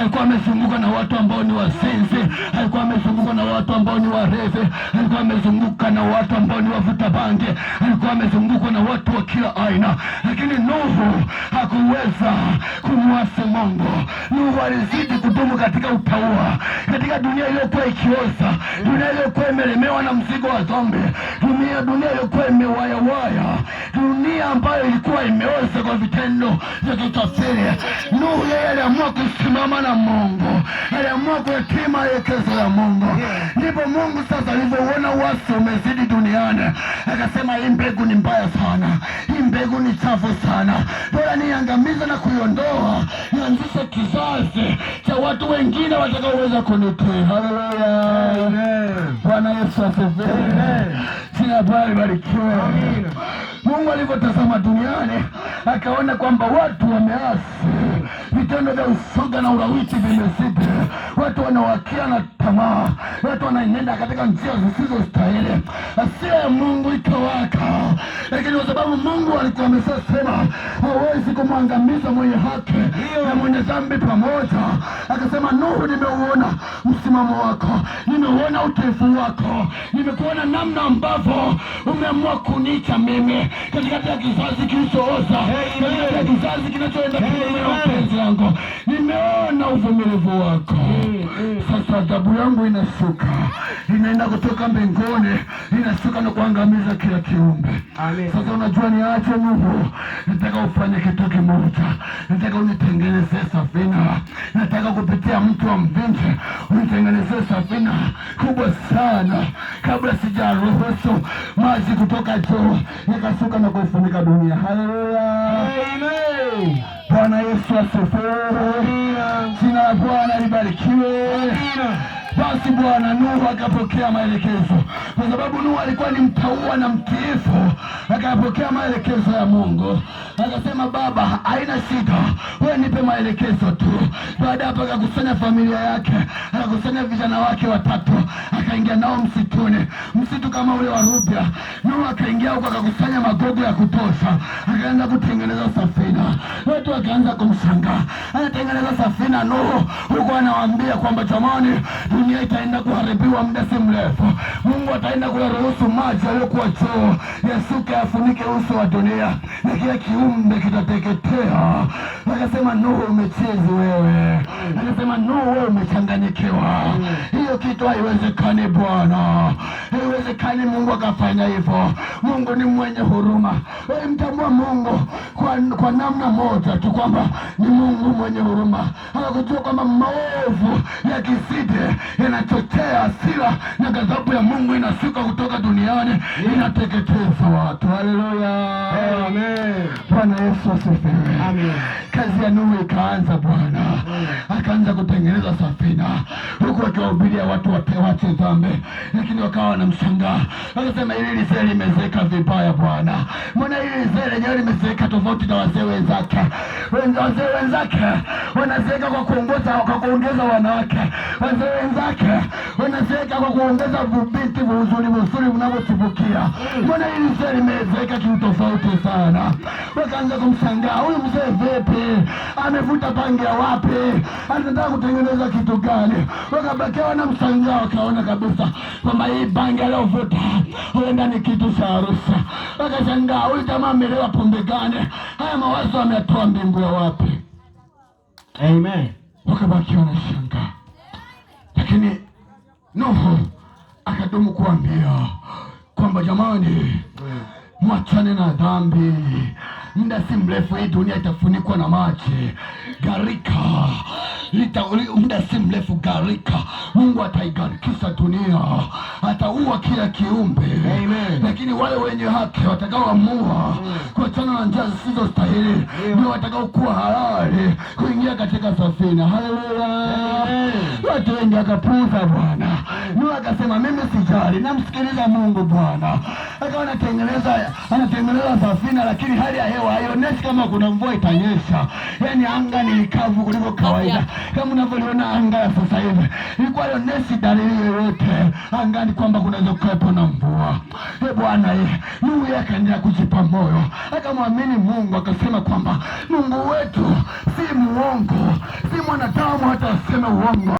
Alikuwa amezungukwa na watu ambao ni wasinzi, alikuwa amezungukwa na watu ambao ni warevi, alikuwa amezunguka na watu ambao ni wavuta bangi, alikuwa amezungukwa na watu wa kila aina, lakini Nuhu hakuweza kumwasi Mungu. Nuhu alizidi kudumu katika utaua, katika dunia iliyokuwa ikioza, dunia iliyokuwa imelemewa na mzigo wa dhambi, dunia dunia iliyokuwa imewayawaya, dunia ambayo ilikuwa imeoza kwa vitendo vya kitafsiri. Nuhu yeye aliamua kusimama na Mungu, aliamua kuyatii maelekezo ya Mungu. Ndipo Mungu sasa alivyouona wasi umezidi duniani, akasema hii mbegu ni mbaya sana, hii mbegu ni chafu sana, bora niangamize na kuiondoa, nianzishe kizazi cha watu wengine watakaoweza kunitii. Haleluya, Bwana Yesu asifiwe, jina lake libarikiwe. Mungu alivyotazama duniani akaona kwamba watu wameasi vitendo vya usoga na urawiti vimezidi. Watu wanawakia na tamaa, watu wanaenenda katika njia zisizostahili. Hasira ya Mungu ikawaka lakini kwa sababu Mungu alikuwa ameshasema hawezi kumwangamiza mwenye haki na mwenye dhambi pamoja, akasema Nuhu, nimeuona msimamo wako, nimeuona utefu wako, nimekuona namna ambavyo umeamua kunicha mimi katikati ya kizazi kilichooza, katikati ya kizazi kinachoenda kinyume na mapenzi yangu, nimeona uvumilivu wako. Sasa adhabu yangu inashuka, inaenda kutoka mbinguni, inashuka na kuangamiza kila kiumbe. Amen. Sasa unajua niache Mungu, nataka ufanye kitu kimoja, nataka unitengeneze safina, nataka kupitia mtu wa Mvinje unitengeneze safina kubwa sana, kabla sijaruhusu maji kutoka juu yakasuka na kuifunika dunia. Haleluya, amen. Bwana Yesu asifiwe, jina la Bwana libarikiwe. Basi Bwana Nuhu akapokea maelekezo, kwa sababu Nuhu alikuwa ni mtaua na mtiifu akayapokea maelekezo ya Mungu, akasema Baba, haina shida, wewe nipe maelekezo tu. Baada hapo akakusanya familia yake, akakusanya vijana wake watatu, akaingia nao msituni, msitu kama ule wa Rubia. Nuhu akaingia huko, akakusanya magogo ya kutosha, akaanza kutengeneza safina. Watu wakaanza kumshangaa, anatengeneza safina Nuhu huko, anawaambia kwamba jamani, dunia itaenda kuharibiwa muda si mrefu, Mungu ataenda kuyaruhusu maji yaliyokuwa choo yasuke afunike uso wa dunia na kila kiumbe kitateketea. Akasema Nuhu, umechezi wewe. Akasema Nuhu, wewe umechanganyikiwa, hiyo kitu haiwezekani Bwana, haiwezekani. Mungu akafanya hivyo. Mungu ni mwenye huruma. Ulimtambua Mungu kwa, kwa namna moja tu kwamba ni Mungu mwenye huruma. Hakujua kwamba maovu ya kiside yanachochea hasira na ghadhabu ya Mungu inashuka kutoka duniani inateketeza watu. Haleluya. Amen. Bwana Yesu asifiwe. Amen. Kazi ya nuru ikaanza Bwana akaanza kutengeneza safina huku akiwahubiria watu wawache dhambi, lakini wakawa wanamshangaa wakasema, hili lisee limezeka vibaya bwana, mbona hili lisee lenyewe limezeka tofauti na wazee wenzake. Wazee wenzake wanazeka kwa kuongoza kwa kuongeza wanawake, wazee wenzake wanazeka kwa kuongeza vubiti vuzuri vuzuri vinavyochipukia, mbona hili lisee limezeka kiutofauti sana. Wakaanza kumshangaa huyu mzee, vipi amevuta pange wapi? anataka kutengeneza kitu gani? Wakabakia na mshangaa, wakaona kabisa kwamba hii bangi aliyovuta huenda ni kitu cha harusi. Wakashangaa, huyu jamaa amelewa pombe gani? Haya mawazo ametoa mbingu ya wapi? Amen. Wakabakia na shanga, lakini Nuhu akadumu kuambia kwamba jamani, mwachane na dhambi, muda si mrefu hii dunia itafunikwa na maji. Garika litauli muda si mrefu, garika. Mungu ataigarikisha dunia, ataua kila kiumbe, lakini wale wenye haki watakaoamua kuachana na njia stahili ndio watakaokuwa halali kuingia katika safina. Haleluya! Watu wengi wakapuuza Bwana. Nuhu akasema mimi sijali, namsikiliza Mungu Bwana. Akawa anatengeneza anatengeneza safina, lakini hali ya hewa haionyeshi kama kuna mvua itanyesha, yaani anga ni likavu kuliko kawaida, kama unavyoliona anga ya sasa hivi. Ilikuwa haionyeshi dalili yoyote angani kwamba kunaweza kuwepo na mvua. Ee Bwana, ee, Nuhu yeye akaendelea kujipa moyo, akamwamini Mungu, akasema kwamba Mungu wetu si muongo, si mwanadamu hata aseme uongo.